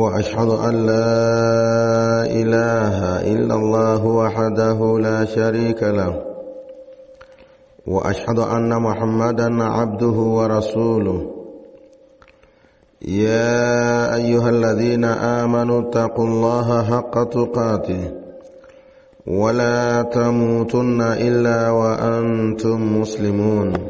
وأشهد أن لا إله إلا الله وحده لا شريك له وأشهد أن محمدا عبده ورسوله يا أيها الذين آمنوا اتقوا الله حق تقاته ولا تموتن إلا وأنتم مسلمون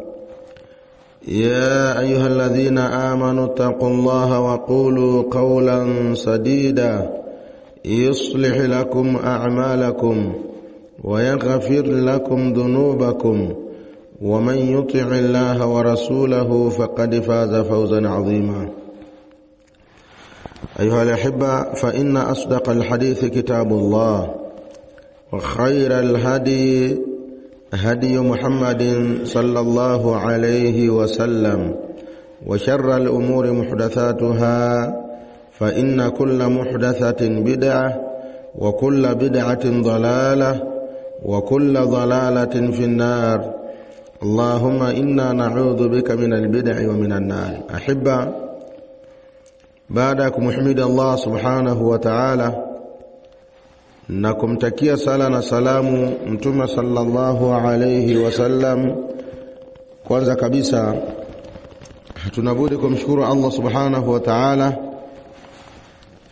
يا أيها الذين آمنوا اتقوا الله وقولوا قولا سديدا يصلح لكم أعمالكم ويغفر لكم ذنوبكم ومن يطع الله ورسوله فقد فاز فوزا عظيما أيها الأحبة فإن أصدق الحديث كتاب الله وخير الهدي هدي محمد صلى الله عليه وسلم وشر الأمور محدثاتها فإن كل محدثة بدعة وكل بدعة ضلالة وكل ضلالة في النار اللهم إنا نعوذ بك من البدع ومن النار أحبة بعدكم محمد الله سبحانه وتعالى na kumtakia sala na salamu Mtume sallallahu alayhi wasallam. Kwanza kabisa tunabudi kumshukuru Allah subhanahu wa ta'ala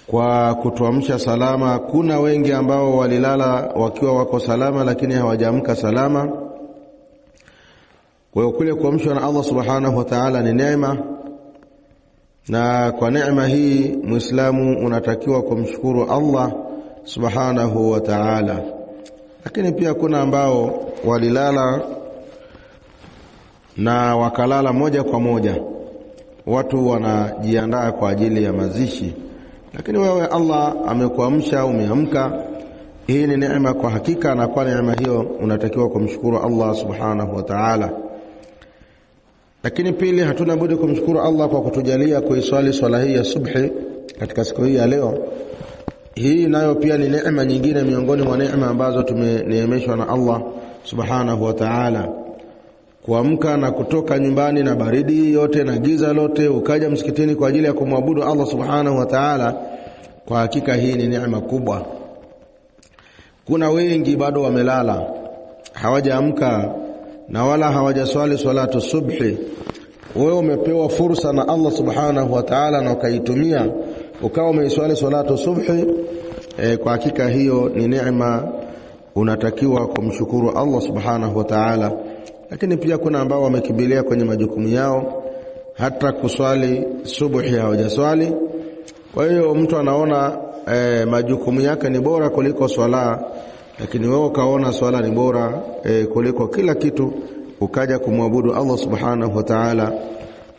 kwa kutuamsha salama. Kuna wengi ambao walilala wakiwa wako salama, lakini hawajaamka salama. Kwa hiyo kule kuamshwa na Allah subhanahu wa ta'ala ni neema, na kwa neema hii Muislamu unatakiwa kumshukuru Allah subhanahu wa ta'ala. Lakini pia kuna ambao walilala na wakalala moja kwa moja, watu wanajiandaa kwa ajili ya mazishi, lakini wewe Allah amekuamsha, umeamka. Hii ni neema kwa hakika, na kwa neema hiyo unatakiwa kumshukuru Allah subhanahu wa ta'ala. Lakini pili, hatuna budi kumshukuru Allah kwa kutujalia kuiswali swala hii ya subhi katika siku hii ya leo. Hii nayo pia ni neema nyingine miongoni mwa neema ambazo tumeneemeshwa na Allah subhanahu wa taala, kuamka na kutoka nyumbani na baridi yote na giza lote, ukaja msikitini kwa ajili ya kumwabudu Allah subhanahu wa taala. Kwa hakika hii ni neema kubwa. Kuna wengi bado wamelala, hawajaamka na wala hawajaswali swalatu subhi. Wewe umepewa fursa na Allah subhanahu wa taala na ukaitumia ukawa umeiswali salatu subhi e, kwa hakika hiyo ni neema unatakiwa kumshukuru Allah subhanahu wa ta'ala. Lakini pia kuna ambao wamekimbilia kwenye majukumu yao, hata kuswali subuhi hawajaswali. Kwa hiyo mtu anaona e, majukumu yake ni bora kuliko swala, lakini wewe ukaona swala ni bora e, kuliko kila kitu, ukaja kumwabudu Allah subhanahu wa ta'ala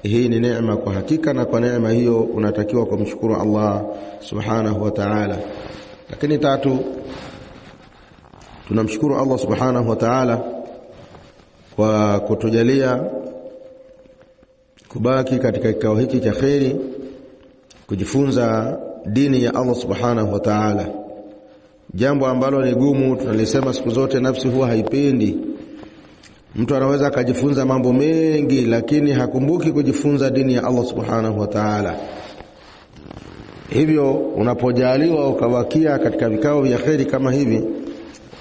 hii ni neema kwa hakika, na kwa neema hiyo unatakiwa kumshukuru Allah subhanahu wa ta'ala. Lakini tatu, tunamshukuru Allah subhanahu wa ta'ala kwa kutujalia kubaki katika kikao hiki cha kheri, kujifunza dini ya Allah subhanahu wa ta'ala, jambo ambalo ni gumu. Tunalisema siku zote, nafsi huwa haipendi Mtu anaweza akajifunza mambo mengi, lakini hakumbuki kujifunza dini ya Allah subhanahu wa taala. Hivyo unapojaliwa ukabakia katika vikao vya kheri kama hivi,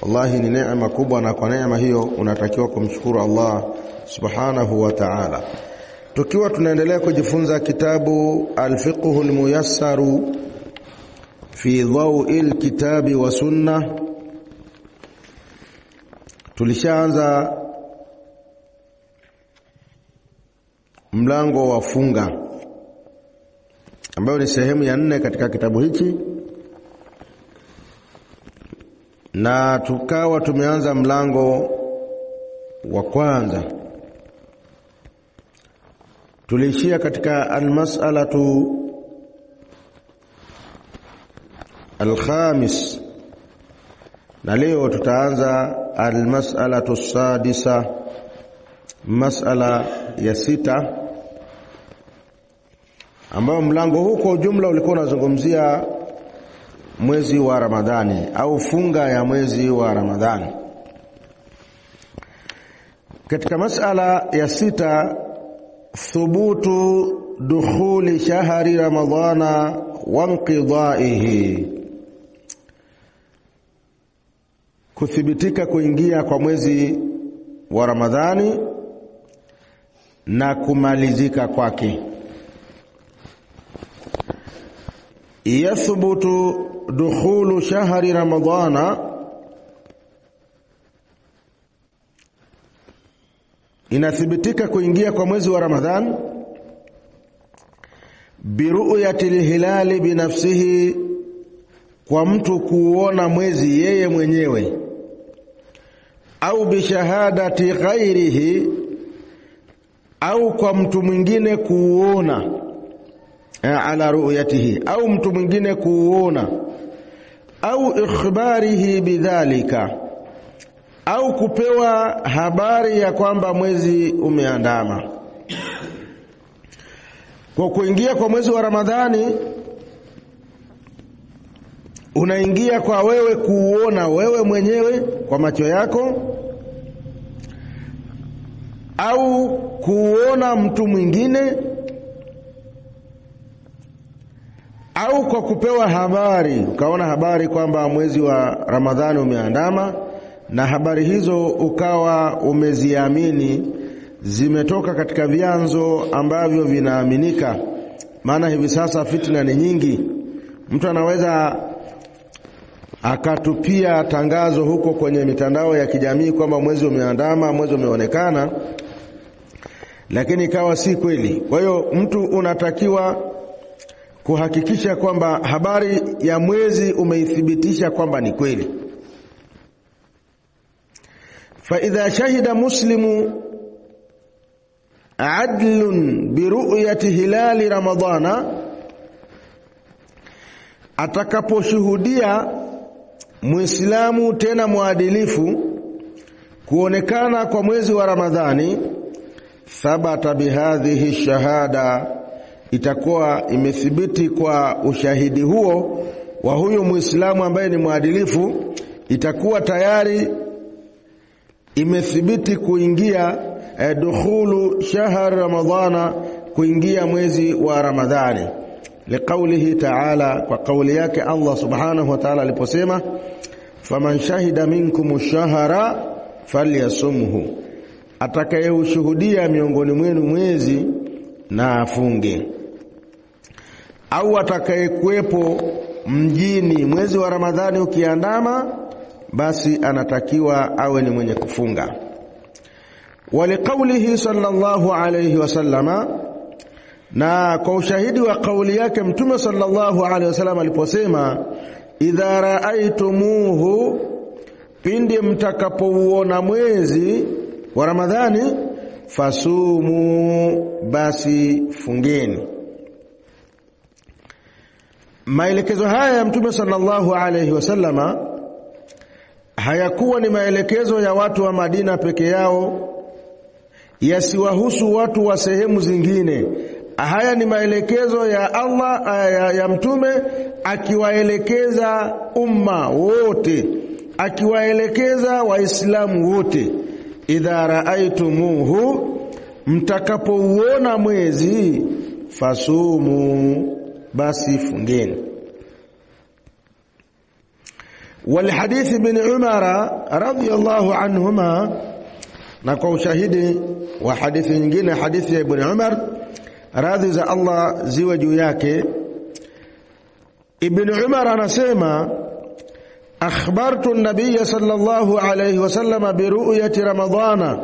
wallahi ni neema kubwa, na kwa neema hiyo unatakiwa kumshukuru Allah subhanahu wa taala. Tukiwa tunaendelea kujifunza kitabu Alfiqhu Lmuyassaru fi dhaui lkitabi wa sunna, tulishaanza mlango wa funga ambayo ni sehemu ya nne katika kitabu hiki, na tukawa tumeanza mlango wa kwanza. Tuliishia katika almasalatu alkhamis, na leo tutaanza almasalatu sadisa, masala ya sita ambayo mlango huu kwa ujumla ulikuwa unazungumzia mwezi wa Ramadhani au funga ya mwezi wa Ramadhani. Katika masala ya sita, thubutu dukhuli shahri ramadhana wa inqidaihi, kuthibitika kuingia kwa mwezi wa Ramadhani na kumalizika kwake. yathbutu dukhulu shahri ramadhana inathibitika kuingia kwa mwezi wa Ramadhan biruyati lhilali binafsihi, kwa mtu kuuona mwezi yeye mwenyewe, au bishahadati ghairihi, au kwa mtu mwingine kuuona Eh, ala ru'yatihi au mtu mwingine kuuona, au ikhbarihi bidhalika, au kupewa habari ya kwamba mwezi umeandama. Kwa kuingia kwa mwezi wa Ramadhani, unaingia kwa wewe kuuona wewe mwenyewe kwa macho yako au kuuona mtu mwingine au kwa kupewa habari, ukaona habari kwamba mwezi wa Ramadhani umeandama na habari hizo ukawa umeziamini, zimetoka katika vyanzo ambavyo vinaaminika. Maana hivi sasa fitna ni nyingi, mtu anaweza akatupia tangazo huko kwenye mitandao ya kijamii kwamba mwezi umeandama, mwezi umeonekana, lakini ikawa si kweli. Kwa hiyo mtu unatakiwa kuhakikisha kwamba habari ya mwezi umeithibitisha kwamba ni kweli. Fa idha shahida muslimu adlun biruyati hilali Ramadhana, atakaposhuhudia Muislamu tena mwadilifu kuonekana kwa mwezi wa Ramadhani, thabata bihadhihi shahada itakuwa imethibiti kwa ushahidi huo wa huyu Muislamu ambaye ni mwadilifu, itakuwa tayari imethibiti kuingia eh, dukhulu shahr ramadhana, kuingia mwezi wa Ramadhani, liqaulihi taala, kwa kauli yake Allah subhanahu wa taala aliposema, faman shahida minkum shahra falyasumhu, atakayeushuhudia miongoni mwenu mwezi na afunge au atakayekuwepo mjini mwezi wa Ramadhani ukiandama, basi anatakiwa awe ni mwenye kufunga. wa Waliqaulihi sallallahu alayhi wasallama, na kwa ushahidi wa kauli yake Mtume sallallahu alayhi wasallam aliposema, idha raaitumuhu, pindi mtakapouona mwezi wa Ramadhani, fasumu, basi fungeni Maelekezo haya ya Mtume sallallahu alaihi wasallama hayakuwa ni maelekezo ya watu wa Madina peke yao, yasiwahusu watu wa sehemu zingine. Haya ni maelekezo ya Allah ya, ya Mtume akiwaelekeza umma wote, akiwaelekeza Waislamu wote, idha raaitumuhu, mtakapouona mwezi fasumu basi fungeni والحديث بن عمر رضي الله عنهما na kwa ushahidi wa hadithi nyingine hadithi ya Ibn Umar radhi za Allah ziwe juu yake Ibn Umar anasema akhbartu an-nabiy sallallahu alayhi wasallam bi ramadhana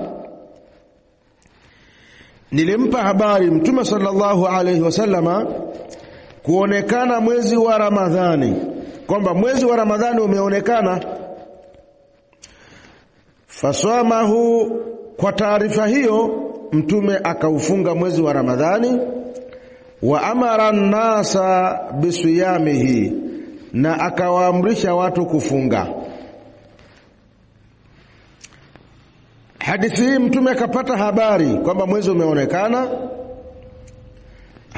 nilimpa habari mtume sallallahu alayhi wasallama kuonekana mwezi wa Ramadhani, kwamba mwezi wa Ramadhani umeonekana. Faswamahu, kwa taarifa hiyo Mtume akaufunga mwezi wa Ramadhani. Wa amara nnasa bisiyamihi, na akawaamrisha watu kufunga. Hadithi hii Mtume akapata habari kwamba mwezi umeonekana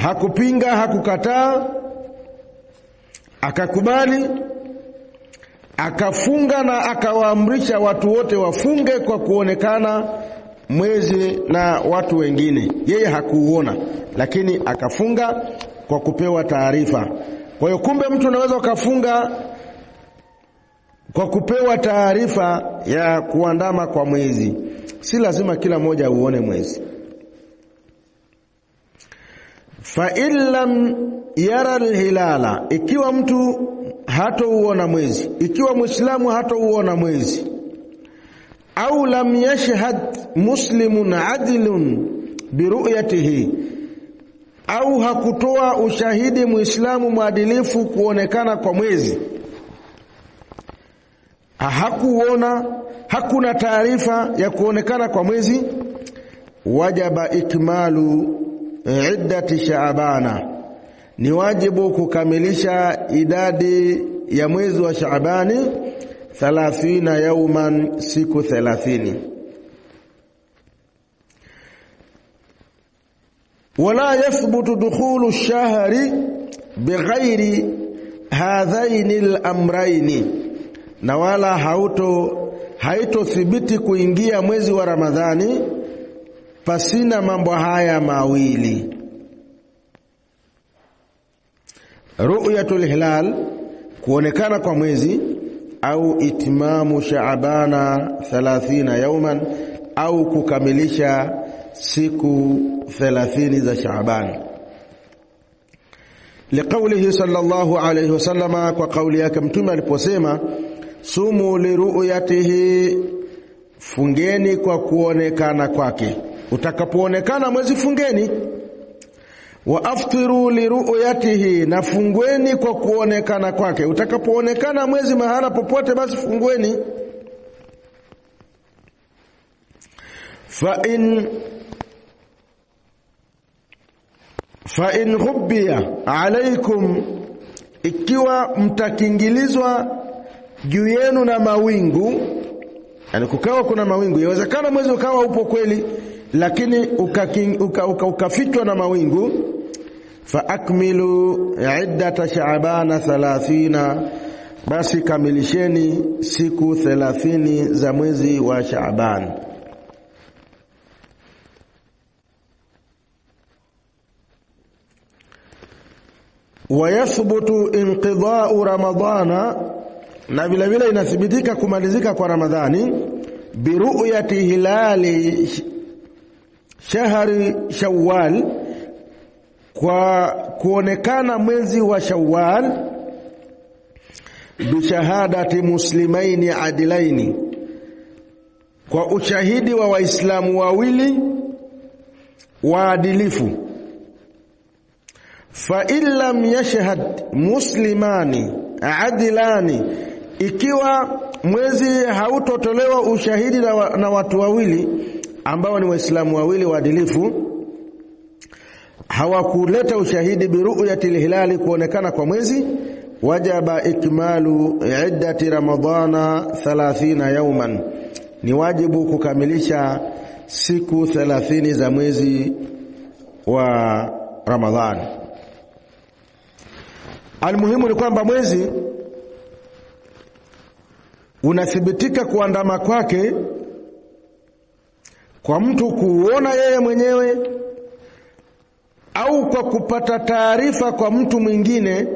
hakupinga hakukataa, akakubali akafunga na akawaamrisha watu wote wafunge kwa kuonekana mwezi na watu wengine. Yeye hakuuona, lakini akafunga kwa kupewa taarifa. Kwa hiyo, kumbe mtu unaweza ukafunga kwa kupewa taarifa ya kuandama kwa mwezi. Si lazima kila mmoja uone mwezi fa illam lam yara alhilala, ikiwa mtu hatouona mwezi, ikiwa mwislamu hatouona mwezi, au lam yashhad muslimun adilun biruyatihi, au hakutoa ushahidi mwislamu mwadilifu kuonekana kwa mwezi, hakuona, hakuna taarifa ya kuonekana kwa mwezi, wajaba ikmalu iddati Shaabana, ni wajibu kukamilisha idadi ya mwezi wa Shaabani 30 yauman, siku 30. Wala yathbutu dukhulu shahri bighairi hadhaini al na wala hauto haitothibiti kuingia mwezi wa Ramadhani pasina mambo haya mawili ru'yatul hilal kuonekana kwa mwezi au itmamu shaabana 30 yauman au kukamilisha siku 30 za Shaaban liqaulihi sallallahu alayhi wasallama, kwa kauli yake Mtume aliposema sumu liruyatihi, fungeni kwa kuonekana kwake utakapoonekana mwezi fungeni wa aftiru liruyatihi, na fungweni kwa kuonekana kwake. Utakapoonekana mwezi mahala popote, basi fungweni. fa in fa in ghubbiya alaikum, ikiwa mtakingilizwa juu yenu na mawingu, yani kukawa kuna mawingu, yawezekana mwezi ukawa upo kweli lakini ukafichwa uka, uka, uka na mawingu faakmilu iddata shaabana thalathina, basi kamilisheni siku thelathini za mwezi wa Shaaban. Wayathbutu inqidau Ramadana, na vilevile inathibitika kumalizika kwa Ramadhani biruyati hilali shahari Shawwal, kwa kuonekana mwezi wa Shawwal bishahadati muslimaini adilaini, kwa ushahidi wa Waislamu wawili waadilifu. Fa in lam yashhad muslimani adilani, ikiwa mwezi hautotolewa ushahidi na watu wawili ambao ni waislamu wawili waadilifu hawakuleta ushahidi biruyati lhilali, kuonekana kwa mwezi, wajaba ikmalu iddati ramadana 30 yauman, ni wajibu kukamilisha siku 30 za mwezi wa ramadhan Almuhimu ni kwamba mwezi unathibitika kuandama kwake kwa mtu kuuona yeye mwenyewe au kwa kupata taarifa kwa mtu mwingine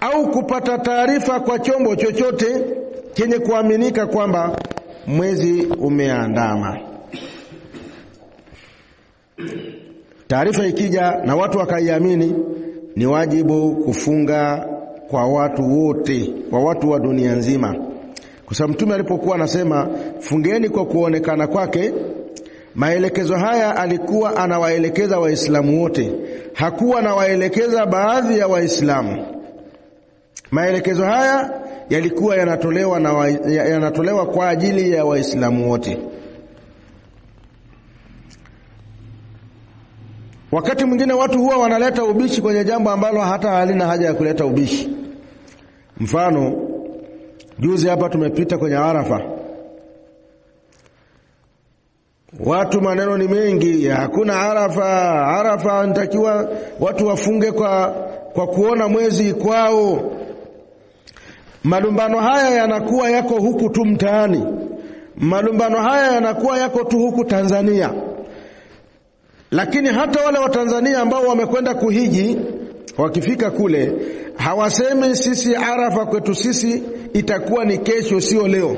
au kupata taarifa kwa chombo chochote chenye kuaminika kwamba mwezi umeandama. Taarifa ikija na watu wakaiamini, ni wajibu kufunga kwa watu wote, kwa watu wa dunia nzima. Kwa sababu mtume alipokuwa anasema fungeni kwa kuonekana kwake, maelekezo haya alikuwa anawaelekeza Waislamu wote, hakuwa anawaelekeza baadhi ya Waislamu. Maelekezo haya yalikuwa yanatolewa, na wa, yanatolewa kwa ajili ya Waislamu wote. Wakati mwingine watu huwa wanaleta ubishi kwenye jambo ambalo hata halina haja ya kuleta ubishi. Mfano, Juzi hapa tumepita kwenye Arafa, watu maneno ni mengi, hakuna Arafa. Arafa anatakiwa watu wafunge kwa, kwa kuona mwezi kwao. Malumbano haya yanakuwa yako huku tu mtaani, malumbano haya yanakuwa yako tu huku Tanzania, lakini hata wale Watanzania ambao wamekwenda kuhiji wakifika kule Hawasemi sisi Arafa kwetu sisi itakuwa ni kesho, sio leo.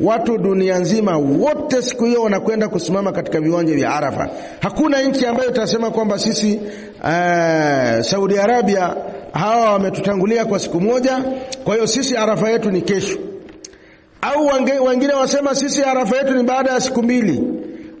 Watu dunia nzima wote siku hiyo wanakwenda kusimama katika viwanja vya Arafa. Hakuna nchi ambayo itasema kwamba sisi uh, Saudi Arabia hawa wametutangulia kwa siku moja, kwa hiyo sisi Arafa yetu ni kesho. Au wengine wasema sisi Arafa yetu ni baada ya siku mbili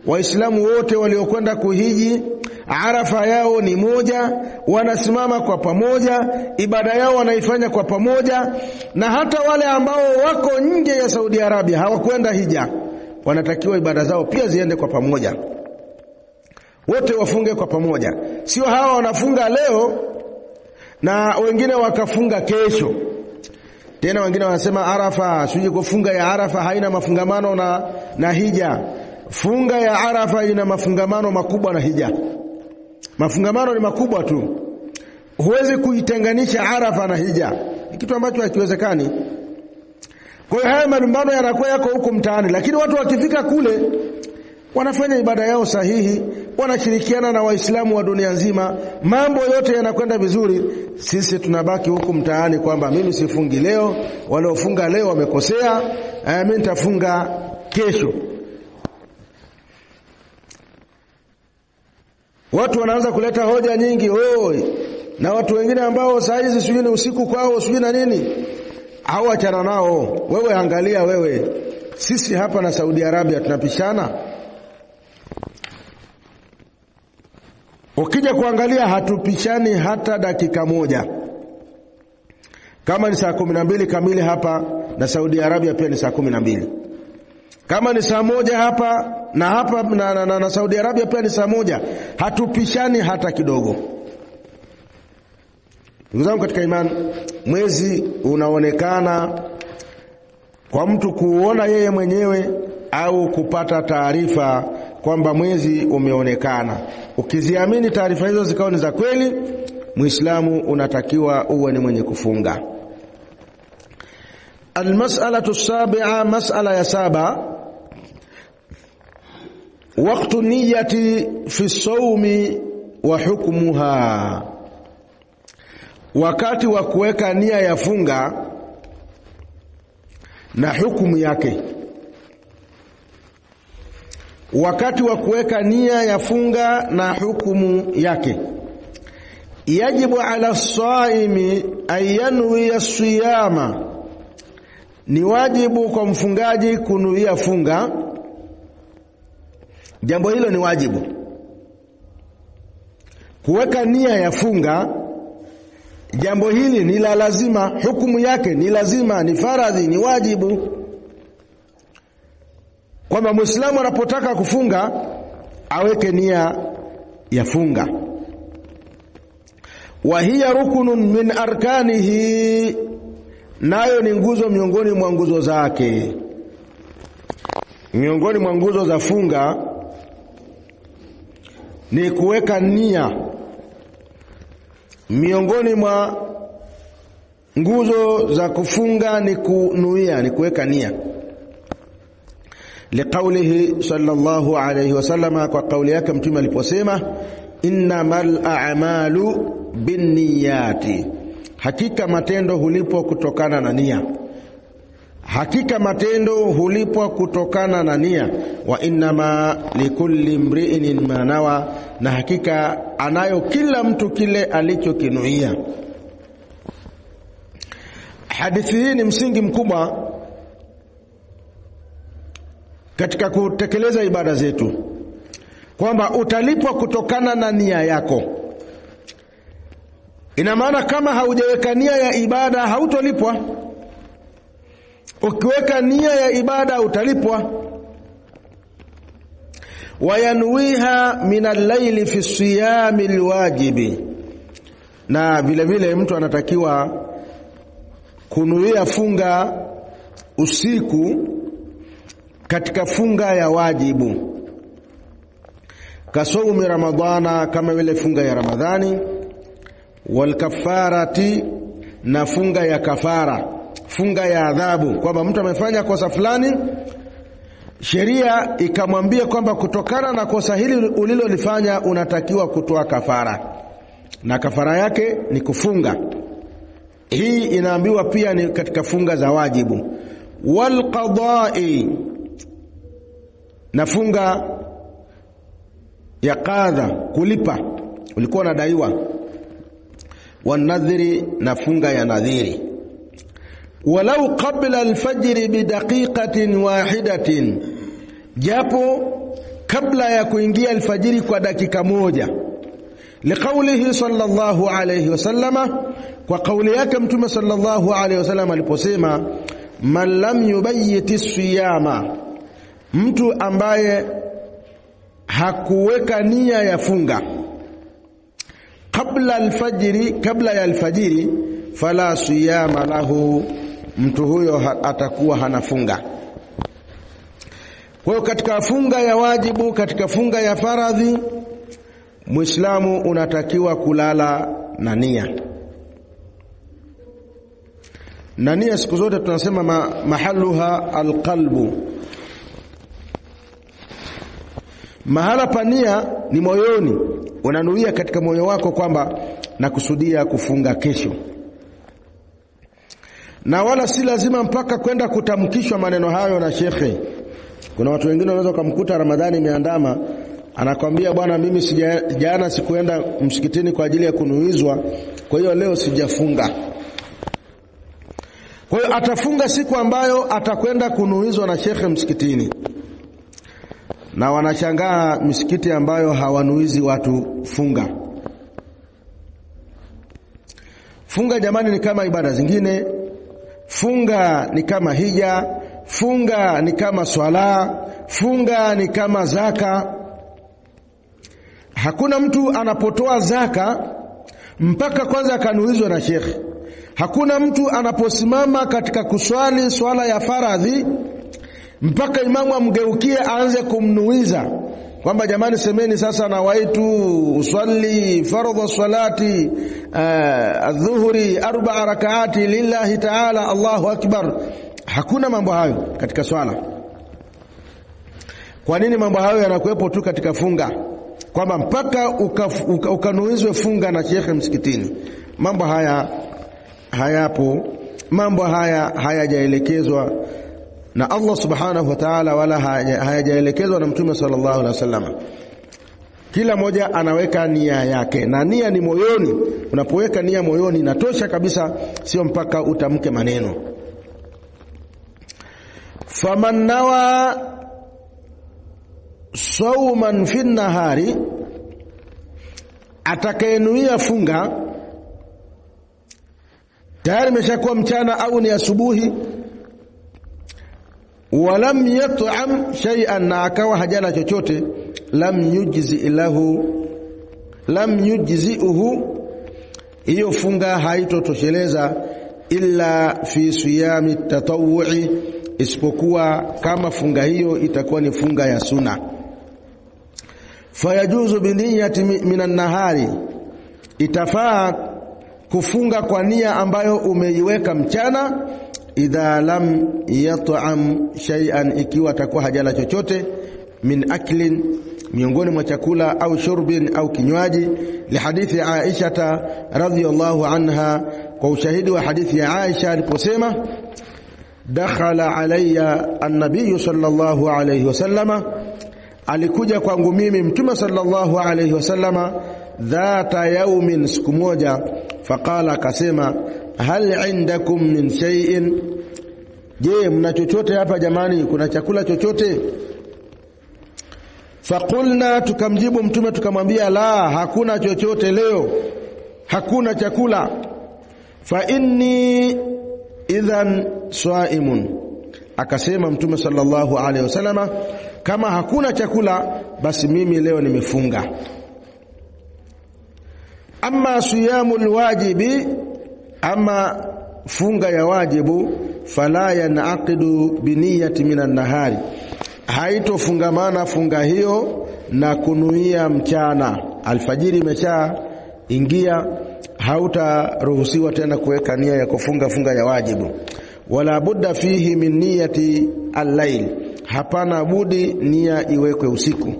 Waislamu wote waliokwenda kuhiji Arafa yao ni moja, wanasimama kwa pamoja, ibada yao wanaifanya kwa pamoja. Na hata wale ambao wako nje ya Saudi Arabia hawakwenda hija, wanatakiwa ibada zao pia ziende kwa pamoja, wote wafunge kwa pamoja, sio hawa wanafunga leo na wengine wakafunga kesho. Tena wengine wanasema Arafa, sijui kufunga ya Arafa haina mafungamano na, na hija Funga ya Arafa ina mafungamano makubwa na hija. Mafungamano ni makubwa tu, huwezi kuitenganisha Arafa na hija, ni kitu ambacho hakiwezekani. Kwa hiyo haya malumbano yanakuwa yako huko mtaani, lakini watu wakifika kule wanafanya ibada yao sahihi, wanashirikiana na Waislamu wa dunia nzima, mambo yote yanakwenda vizuri. Sisi tunabaki huku mtaani kwamba mimi sifungi leo, waliofunga leo wamekosea, eh, mimi nitafunga kesho. Watu wanaanza kuleta hoja nyingi hoi, na watu wengine ambao saa hizi sijui ni usiku kwao sijui na nini, au achana nao. Wewe angalia wewe, sisi hapa na Saudi Arabia tunapishana. Ukija kuangalia hatupishani hata dakika moja. Kama ni saa kumi na mbili kamili hapa na Saudi Arabia pia ni saa kumi na mbili. Kama ni saa moja hapa na hapa na, na, na, na Saudi Arabia pia ni saa moja. Hatupishani hata kidogo. Ndugu zangu katika imani, mwezi unaonekana kwa mtu kuuona yeye mwenyewe au kupata taarifa kwamba mwezi umeonekana. Ukiziamini taarifa hizo zikawa ni za kweli, Muislamu unatakiwa uwe ni mwenye kufunga. Almas'alatu sabia, mas'ala ya saba waqtu niyati fi saumi wa hukmuha, wakati wa kuweka nia ya funga na hukumu yake. Wakati wa kuweka nia ya funga na hukumu yake. Yajibu ala saimi an yanwiya siyama, ni wajibu kwa mfungaji kunuia funga Jambo hilo ni wajibu. Kuweka nia ya funga, jambo hili ni la lazima, hukumu yake ni lazima, ni faradhi, ni wajibu, kwamba Muislamu anapotaka kufunga aweke nia ya funga. Wa hiya rukunun min arkanihi, nayo ni nguzo miongoni mwa nguzo zake, miongoni mwa nguzo za funga ni kuweka nia. Miongoni mwa nguzo za kufunga ni kunuia, ni kuweka nia. Liqaulihi sallallahu alayhi wasallama, kwa kauli yake Mtume aliposema innamal a'malu binniyati, hakika matendo hulipwa kutokana na nia. Hakika matendo hulipwa kutokana na nia. Wa innama likulli mriin manawa, na hakika anayo kila mtu kile alichokinuia. Hadithi hii ni msingi mkubwa katika kutekeleza ibada zetu, kwamba utalipwa kutokana na nia yako. Ina maana kama haujaweka nia ya ibada hautolipwa ukiweka nia ya ibada utalipwa. Wayanwiha min allaili fi siyami lwajibi, na vile vile mtu anatakiwa kunuia funga usiku katika funga ya wajibu, kasaumi Ramadhana, kama vile funga ya Ramadhani, walkafarati, na funga ya kafara funga ya adhabu, kwamba mtu amefanya kosa fulani, sheria ikamwambia kwamba kutokana na kosa hili ulilolifanya unatakiwa kutoa kafara, na kafara yake ni kufunga. Hii inaambiwa pia ni katika funga za wajibu. Walqadai, na funga ya kadha, kulipa ulikuwa unadaiwa. Wanadhiri, na funga ya nadhiri walau qabla alfajiri bidaqiqatin wahidatin, japo kabla ya kuingia alfajiri kwa dakika moja. Liqaulihi sallallahu alayhi wasallama, kwa kauli yake Mtume sallallahu alayhi wasallam aliposema, man lam yubayyiti siyama, mtu ambaye hakuweka nia ya funga kabla alfajiri, kabla ya alfajiri, fala siyama lahu mtu huyo atakuwa hanafunga. Kwa hiyo katika funga ya wajibu, katika funga ya faradhi, Muislamu unatakiwa kulala na nia na nia siku zote tunasema ma, mahaluha alqalbu, mahala pa nia ni moyoni. Unanuia katika moyo wako kwamba nakusudia kufunga kesho na wala si lazima mpaka kwenda kutamkishwa maneno hayo na shekhe. Kuna watu wengine wanaweza kumkuta Ramadhani imeandama, anakwambia bwana, mimi sija, jana sikuenda msikitini kwa ajili ya kunuizwa, kwa hiyo leo sijafunga. Kwa hiyo atafunga siku ambayo atakwenda kunuizwa na shekhe msikitini, na wanashangaa misikiti ambayo hawanuizi watu funga. Funga jamani, ni kama ibada zingine Funga ni kama hija, funga ni kama swala, funga ni kama zaka. Hakuna mtu anapotoa zaka mpaka kwanza akanuizwa na shekhe. Hakuna mtu anaposimama katika kuswali swala ya faradhi mpaka imamu amgeukie aanze kumnuiza kwamba jamani, semeni sasa, na waitu usalli fardhu salati eh, adhuhuri arba rakaati lillahi taala, Allahu akbar. Hakuna mambo hayo katika swala. Kwa nini mambo hayo yanakuwepo tu katika funga, kwamba mpaka ukanuizwe uka, uka funga na shekhe msikitini? Mambo haya hayapo, mambo haya hayajaelekezwa na Allah subhanahu wa ta'ala wala hayajaelekezwa na mtume sallallahu alaihi wasallam. Kila moja anaweka nia yake, na nia ni moyoni. Unapoweka nia moyoni inatosha kabisa, sio mpaka utamke maneno. faman nawa sauman fi nahari, atakayenuia funga tayari imeshakuwa mchana au ni asubuhi walam yat'am shay'an, na akawa hajala chochote. Lam yujzi lahu, lam yujzihu, hiyo funga haitotosheleza illa fi siyami tatawu'i, isipokuwa kama funga hiyo itakuwa ni funga ya suna. Fayajuzu biniyati minan nahari, itafaa kufunga kwa nia ambayo umeiweka mchana idha lam yat'am shay'an, ikiwa atakuwa hajala chochote min aklin, miongoni mwa chakula au shurbin au kinywaji. Lihadithi Aisha radhiyallahu anha, kwa ushahidi wa hadithi ya Aisha aliposema dakhala alayya an-nabiy sallallahu alayhi wasallama, alikuja kwangu mimi mtume sallallahu alayhi wasallama dhata yaumin, siku moja, faqala akasema hal indakum min shay'in, je mna chochote hapa jamani, kuna chakula chochote? Faqulna, tukamjibu Mtume tukamwambia, la, hakuna chochote leo, hakuna chakula. Fa inni idhan swaimun, akasema Mtume sallallahu alaihi wasallama, kama hakuna chakula basi mimi leo nimefunga. Amma siyamul wajibi ama funga ya wajibu fala yanaqidu biniyati minan nahari, haitofungamana funga hiyo na kunuia mchana. Alfajiri imesha ingia, hautaruhusiwa tena kuweka nia ya kufunga funga ya wajibu. Wala budda fihi min niyati al-lail, hapana budi nia iwekwe usiku.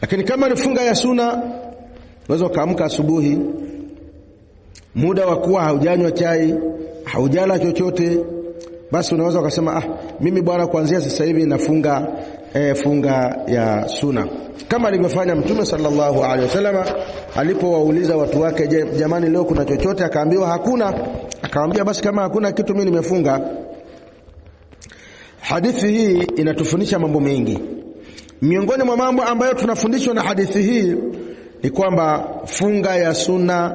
Lakini kama ni funga ya suna, unaweza ukaamka asubuhi muda wa kuwa haujanywa chai, haujala chochote, basi unaweza ukasema ah, mimi bwana, kuanzia sasa hivi nafunga eh, funga ya suna, kama alivyofanya Mtume sallallahu alaihi wasallam alipowauliza watu wake, jamani, leo kuna chochote? Akaambiwa hakuna. Akamwambia basi, kama hakuna kitu, mimi nimefunga. Hadithi hii inatufundisha mambo mengi. Miongoni mwa mambo ambayo tunafundishwa na hadithi hii ni kwamba funga ya suna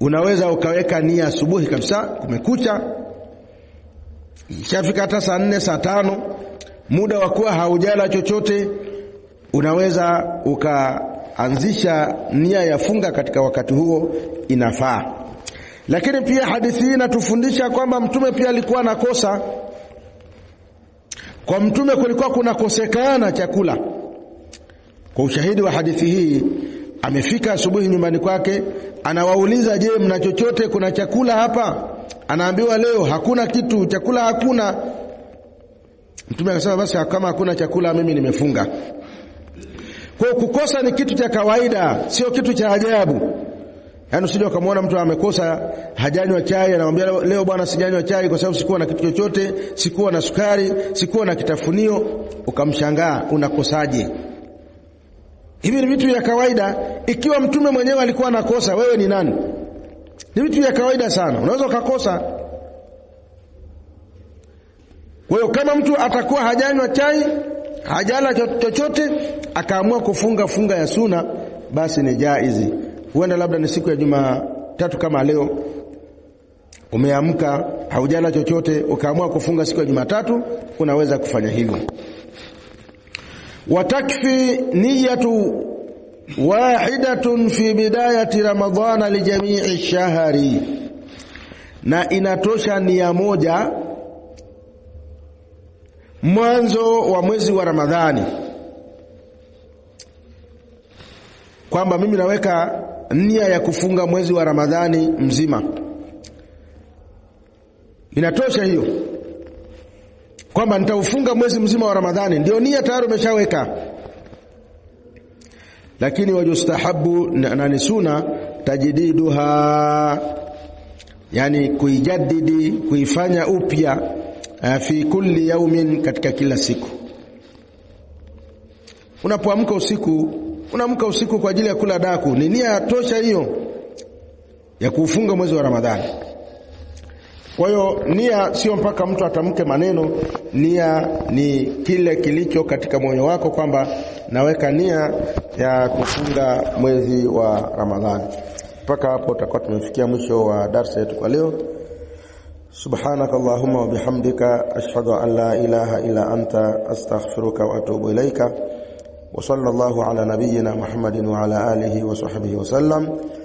Unaweza ukaweka nia asubuhi kabisa, kumekucha, ishafika hata saa nne saa tano, muda wa kuwa haujala chochote, unaweza ukaanzisha nia ya funga katika wakati huo, inafaa. Lakini pia hadithi hii inatufundisha kwamba mtume pia alikuwa na kosa. Kwa mtume kulikuwa kunakosekana chakula, kwa ushahidi wa hadithi hii Amefika asubuhi nyumbani kwake, anawauliza je, mna chochote? Kuna chakula hapa? Anaambiwa leo hakuna kitu, chakula hakuna. Mtume akasema basi, kama hakuna chakula, mimi nimefunga. Kwa kukosa ni kitu cha kawaida, sio kitu cha ajabu. Yaani usije ukamwona mtu amekosa hajanywa chai, anamwambia leo bwana, sijanywa chai kwa sababu sikuwa na kitu chochote, sikuwa na sukari, sikuwa na kitafunio, ukamshangaa unakosaje? Hivi ni vitu vya kawaida. Ikiwa mtume mwenyewe alikuwa anakosa, wewe ni nani? Ni vitu vya kawaida sana, unaweza ukakosa. Kwa hiyo kama mtu atakuwa hajanywa chai, hajala chochote, akaamua kufunga funga ya suna, basi ni jaizi. Huenda labda ni siku ya Jumatatu kama leo umeamka haujala chochote, ukaamua kufunga siku ya Jumatatu, unaweza kufanya hivyo watakfi niyatu واحدة fi bidayati رمضان لجميع shahari na inatosha nia moja mwanzo wa mwezi wa Ramadhani, kwamba mimi naweka nia ya kufunga mwezi wa Ramadhani mzima, inatosha hiyo kwamba nitaufunga mwezi mzima wa Ramadhani, ndio nia tayari umeshaweka. Lakini wajustahabu na ni sunna tajdiduha yani kuijadidi, kuifanya upya eh, fi kulli yaumin, katika kila siku. Unapoamka usiku, unaamka usiku kwa ajili ya kula daku, ni nia tosha hiyo ya kuufunga mwezi wa Ramadhani. Kwa hiyo nia sio mpaka mtu atamke maneno. Nia ni kile kilicho katika moyo wako, kwamba naweka nia ya kufunga mwezi wa Ramadhani. Mpaka hapo tutakuwa tumefikia mwisho wa darsa yetu kwa leo. Subhanaka Allahumma wa bihamdika ashhadu an la ilaha illa anta astaghfiruka wa atubu ilaika wa sallallahu ala nabiyyina Muhammadin wa ala alihi wa sahbihi wa sallam